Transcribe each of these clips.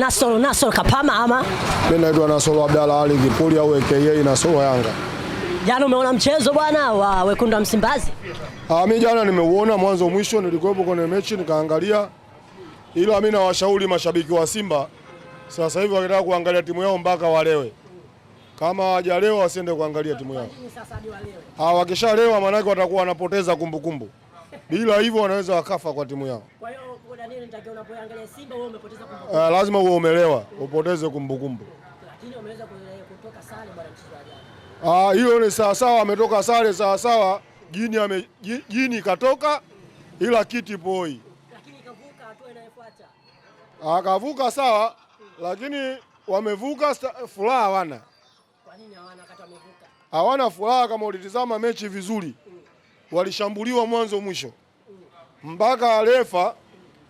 Nasoro, Nasoro Kapama ama? Mimi naitwa Nasoro Abdalla Ali Kipuli au AKA Nasoro Yanga. Jana umeona mchezo bwana wa wekundu wa Msimbazi? Ah, mimi jana nimeuona mwanzo mwisho, nilikuwepo kwenye mechi nikaangalia, ila mimi nawashauri mashabiki wa Simba sasa hivi wakitaka kuangalia timu yao mpaka walewe, kama hawajalewa wasiende kuangalia timu yao. Ah, wakishalewa maanake watakuwa wanapoteza kumbukumbu, bila hivyo wanaweza wakafa kwa timu yao nini unapoangalia Simba wewe umepoteza kumbukumbu. Uh, lazima uwe umelewa upoteze kumbukumbu. Lakini umeweza eh, kutoka sare bwana mchezaji. Ah, hiyo ni sawa sawa ametoka sare sawa sawa. Jini ame jini katoka ila kiti poi. Lakini kavuka hatua inayofuata. Ah, kavuka sawa lakini wamevuka furaha wana. Kwa nini hawana kata wamevuka? Hawana furaha kama ulitizama mechi vizuri. Mm. Walishambuliwa mwanzo mwisho. Mpaka refa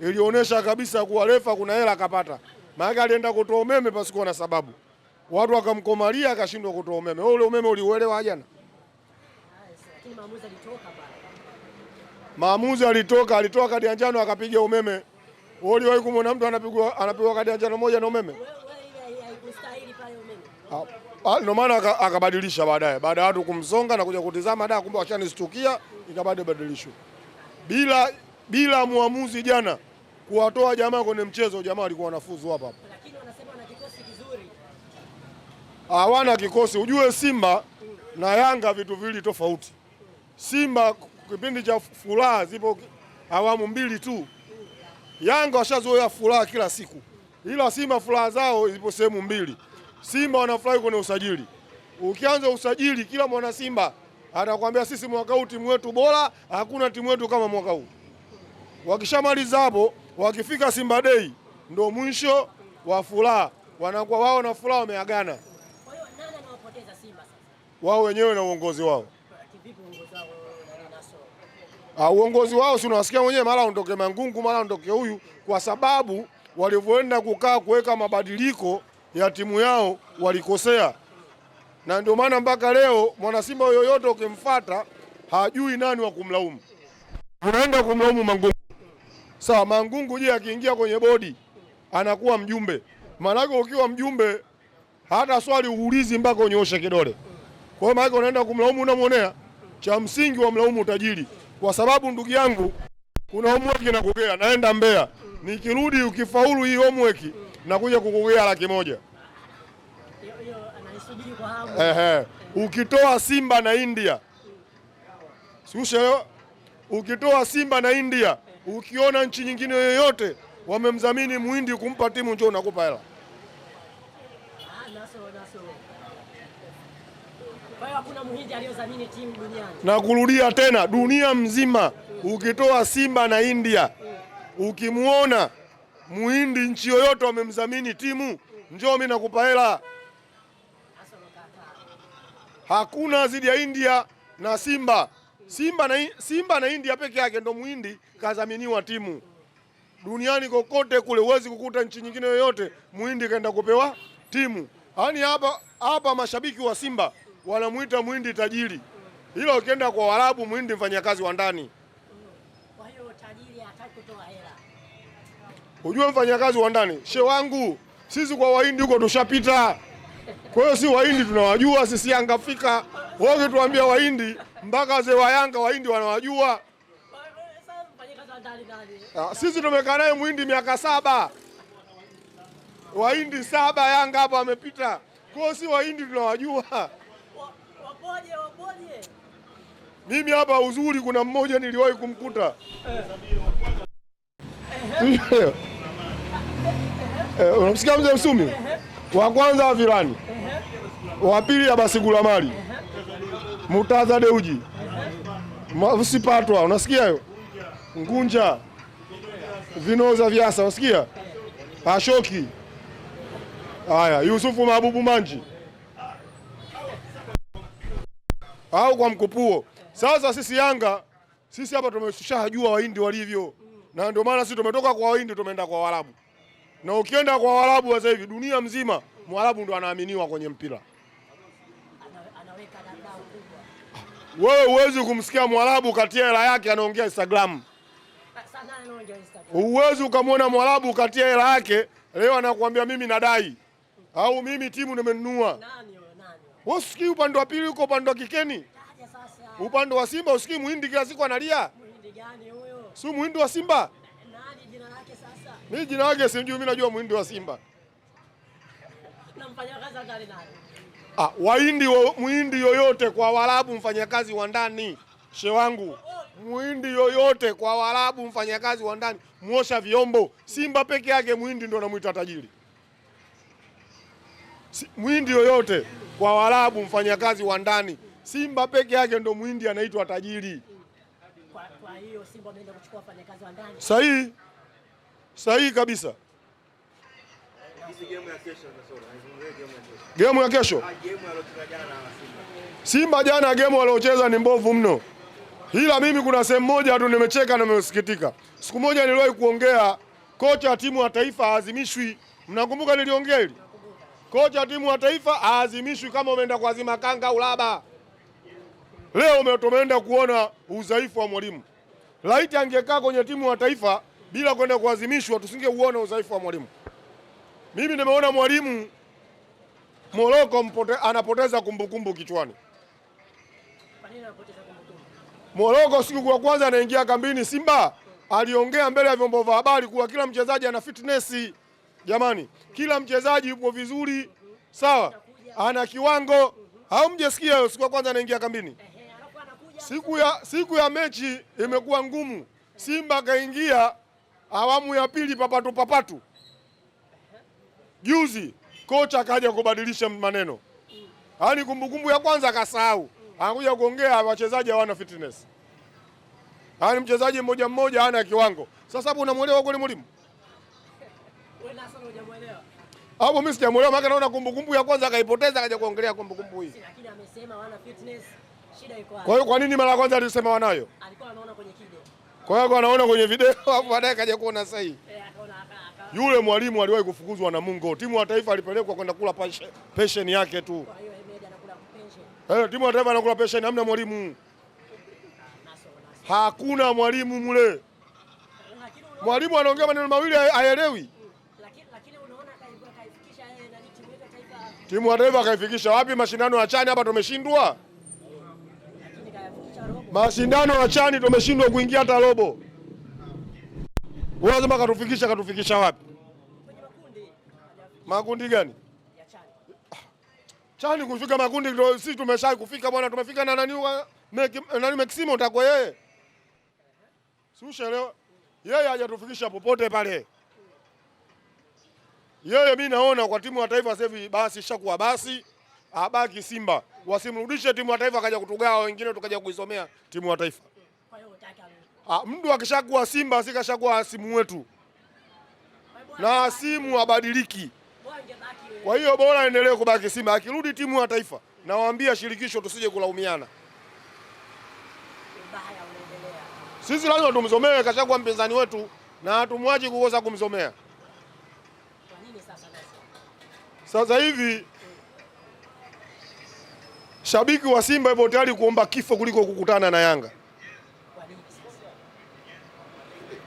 ilionyesha kabisa kuwa refa kuna hela akapata, maana alienda kutoa umeme pasikuwa na sababu, watu wakamkomalia akashindwa kutoa umeme. Wewe ule umeme uliuelewa jana? Maamuzi alitoka, alitoa kadi ya njano akapiga umeme. Wewe uliwahi kumwona mtu anapigwa anapigwa kadi ya njano moja na umeme? Ah, ah, ndio maana akabadilisha baadaye, baada ya watu kumsonga na kuja kutizama da, kumbe washanistukia, ikabadi badilisho bila bila mwamuzi jana kuwatoa jamaa kwenye mchezo, jamaa walikuwa wanafuzu hapa hapa. Lakini wanasema wana kikosi kizuri. Hawana kikosi, ujue Simba na Yanga vitu viwili tofauti. Simba kipindi cha furaha zipo awamu mbili tu. Yanga washazoea furaha kila siku, ila Simba furaha zao zipo sehemu mbili. Simba wanafurahi kwenye usajili. Ukianza usajili, kila mwana Simba anakuambia sisi mwaka huu timu wetu bora, hakuna timu wetu kama mwaka huu. Wakishamaliza hapo, wakifika Simba Day ndo mwisho wa furaha, wanakuwa wao na furaha wameagana wao wenyewe na uongozi wao. Ah, uongozi wao si unawasikia mwenyewe, mara ondoke Mangungu, mara ondoke huyu, kwa sababu walivyoenda kukaa kuweka mabadiliko ya timu yao walikosea, na ndio maana mpaka leo mwanasimba yoyote ukimfuata hajui nani wa kumlaumu, unaenda kumlaumu Mangungu. Sawa, Mangungu je, akiingia kwenye bodi anakuwa mjumbe. Maanake ukiwa mjumbe hata swali uulizi mpaka unyooshe kidole. Kwa hiyo maana unaenda kumlaumu unamwonea, cha msingi wa mlaumu utajiri, kwa sababu ndugu yangu kuna homework nakugea, naenda Mbeya, nikirudi ukifaulu hii homework nakuja kukugea laki moja. Ehe, ukitoa Simba na India, si ushaelewa? Ukitoa Simba na India Ukiona nchi nyingine yoyote wamemdhamini muhindi kumpa timu, njoo unakupa hela. Na kurudia tena, dunia mzima ukitoa Simba na India, ukimwona muhindi nchi yoyote wamemdhamini timu, njoo mimi nakupa hela. Hakuna zidi ya India na Simba. Simba na, Simba na India peke yake ndo muhindi kadhaminiwa timu duniani kokote kule. Huwezi kukuta nchi nyingine yoyote muhindi kaenda kupewa timu. Yaani hapa hapa mashabiki wa Simba wanamuita muhindi tajiri, ila ukienda kwa Waarabu muhindi mfanyakazi wa ndani. Kwa hiyo tajiri hataki kutoa hela, hujue mfanyakazi wa ndani. She wangu sisi kwa wahindi huko tushapita, kwa hiyo si wahindi tunawajua sisi. angafika wao tuambia wahindi mpaka wazee wa Yanga wahindi wanawajua. Ah, sisi tumekaa naye muhindi miaka saba, wahindi saba Yanga hapa wamepita, kwa hiyo si wahindi tunawajua. Mimi hapa uzuri, kuna mmoja niliwahi kumkuta eh, unamsikia mzee Msumi wa kwanza wa Virani, wa pili Basigula mali Murtaza Deuji, usipatwa, unasikia hiyo Ngunja, Vinoza Vyasa, unasikia Ashoki, haya Yusufu mabubu Manji au kwa mkupuo. Sasa sisi Yanga, sisi hapa tumeshajua Wahindi walivyo, na ndio maana sisi tumetoka kwa Wahindi tumeenda kwa Waarabu, na ukienda kwa Waarabu sasa hivi dunia mzima Mwarabu ndo anaaminiwa kwenye mpira. Wewe huwezi kumsikia Mwarabu katia hela yake anaongea Instagram. Huwezi ukamwona Mwarabu katia hela yake leo anakuambia mimi nadai au mimi timu nimenunua. Wewe usikii upande wa pili huko upande wa kikeni, upande wa Simba usikii muhindi kila siku analia. Si muhindi wa Simba mimi jina lake simjui, mimi najua muhindi wa Simba Ah, waindi wa, muindi yoyote kwa Waarabu mfanyakazi wa ndani, she wangu muindi yoyote kwa Waarabu mfanyakazi wa ndani, muosha vyombo. Simba peke yake muindi ndo anamwita tajiri. muindi yoyote kwa Waarabu mfanyakazi wa ndani, Simba peke yake ndo muindi anaitwa tajiri. Kwa hiyo Simba ameenda kuchukua wa ndani. Sahihi, sahihi kabisa. Gemu ya kesho ah, Simba jana, gemu waliocheza ni mbovu mno, ila mimi kuna sehemu moja tu nimecheka na nimesikitika. Siku moja niliwahi kuongea, kocha wa timu ya taifa aazimishwi Mnakumbuka niliongea hili? Kocha wa timu ya taifa aazimishwi kama umeenda kuazima kanga ulaba. Leo tumeenda kuona udhaifu wa mwalimu. Laiti angekaa kwenye timu ya taifa bila kwenda kuazimishwa, tusingeuona udhaifu wa mwalimu. Mimi nimeona mwalimu Moroko mpote, anapoteza kumbukumbu kichwani. Moroko siku kwa kwanza anaingia kambini Simba aliongea mbele ya vyombo vya habari kuwa kila mchezaji ana fitness. Jamani, kila mchezaji yupo vizuri, sawa, ana kiwango. Au mjesikia hiyo? Siku ya kwanza anaingia kambini, siku ya, siku ya mechi imekuwa ngumu. Simba akaingia awamu ya pili papatu papatu Juzi kocha akaja kubadilisha maneno, yaani kumbukumbu ya kwanza akasahau, anakuja kuongea wachezaji hawana fitness, yaani mchezaji mmoja mmoja hana kiwango. Sasa hapo unamuelewa kweli mwalimu? Hapo mimi sijamuelewa, maana naona kumbukumbu ya kwanza akaipoteza, akaja kuongelea kumbukumbu hii. Lakini amesema wana fitness, shida iko wapi? Kwa hiyo kwa nini mara ya kwanza alisema wanayo? Alikuwa anaona kwenye video, kwa hiyo anaona kwenye video, hapo baadaye akaja kuona sahihi. Eh, yule mwalimu aliwahi kufukuzwa na Mungo, timu ya taifa alipelekwa kwenda kula pension yake tu. Eh, timu ya taifa anakula pension, hamna mwalimu, hakuna mwalimu mule. Mwalimu anaongea maneno mawili aelewi Timu ya taifa akaifikisha wapi? Mashindano ya chani hapa tumeshindwa, mashindano ya chani tumeshindwa kuingia hata robo. Unasema katufikisha, katufikisha wapi? Makundi gani? Ah, Chani kufika makundi ndio sisi tumesha kufika bwana, tumefika na nani nani Maximo takwa yeye. Si ushaelewa? Yeye hajatufikisha popote pale. Yeye mimi naona kwa timu ya taifa sasa hivi basi ishakuwa basi, abaki Simba. Wasimrudishe timu ya taifa akaja kutugawa wengine tukaja kuisomea timu ya taifa. Ah, mdu akishakuwa Simba si kashakuwa wetu, na simu abadiliki Kwa hiyo bora endelee kubaki Simba. Akirudi timu ya taifa, nawaambia shirikisho, tusije kulaumiana. Sisi lazima tumzomee, kashakuwa mpinzani wetu na hatumwaji kukosa kumzomea. Sasa hivi shabiki wa Simba ipo tayari kuomba kifo kuliko kukutana na Yanga.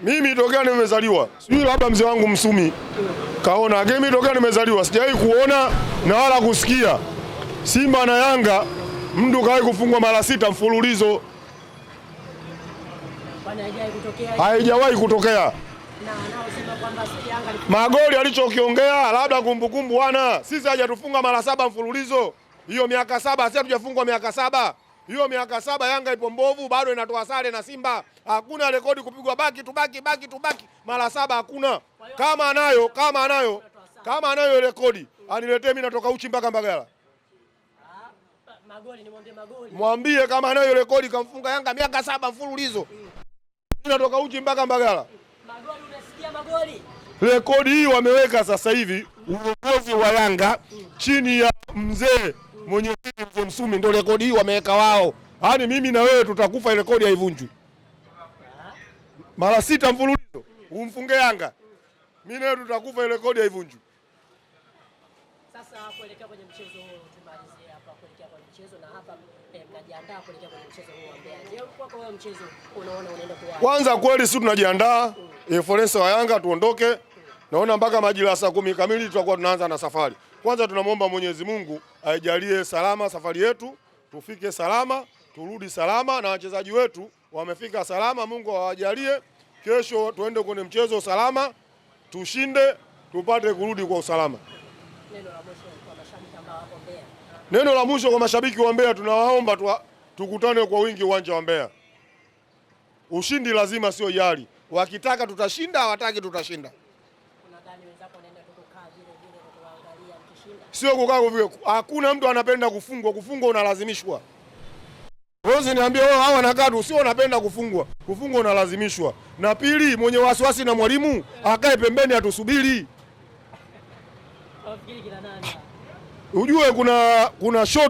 Mimi tokea nimezaliwa, sijui labda mzee wangu Msumi kaona, lakini mimi tokea nimezaliwa sijawahi kuona na wala kusikia Simba na Yanga mtu kawahi kufungwa mara sita mfululizo, haijawahi kutokea. Magoli alichokiongea labda kumbukumbu, wana sisi hajatufunga mara saba mfululizo, hiyo miaka saba, si hatujafungwa miaka saba hiyo miaka saba Yanga ipo mbovu, bado inatoa sare na Simba, hakuna rekodi kupigwa baki tu baki baki tu baki mara saba, hakuna. Kama anayo kama anayo kama anayo rekodi aniletee mimi, natoka uchi mpaka Mbagala. Mwambie kama anayo rekodi kamfunga Yanga miaka saba mfululizo, mimi natoka uchi mpaka Mbagala. Rekodi hii wameweka sasa hivi uongozi wa Yanga chini ya mzee mwenye mzee Msumi, ndio rekodi hii wameweka wao. Yaani mimi na wewe tutakufa, ile rekodi haivunjwi. Mara sita mfululizo umfunge Yanga, mimi na wewe tutakufa, ile rekodi haivunjwi. Sasa kuelekea kwenye mchezo huo tumalizie hapa, kuelekea kwenye mchezo na hapa eh, mnajiandaa kuelekea kwenye mchezo huo wa Mbeya. Je, kwa kwa mchezo unaona unaenda kwa? Kwanza kweli sisi tunajiandaa e, Forense wa Yanga tuondoke, naona mpaka majira saa kumi kamili tutakuwa tunaanza na safari. Kwanza tunamwomba Mwenyezi Mungu aijalie salama safari yetu, tufike salama, turudi salama, na wachezaji wetu wamefika salama. Mungu awajalie kesho tuende kwenye mchezo salama, tushinde, tupate kurudi kwa usalama. Neno la mwisho kwa mashabiki wa Mbeya, tunawaomba tu, tukutane kwa wingi uwanja wa Mbeya. Ushindi lazima, sio yali. Wakitaka tutashinda, hawataki tutashinda sio kukaa vile. Hakuna mtu anapenda kufungwa, kufungwa unalazimishwa. Rozi niambia wao hawa nakaa tu, sio wanapenda kufungwa, kufungwa unalazimishwa. Na pili, mwenye wasiwasi na mwalimu akae pembeni, atusubiri ujue kuna, kuna shot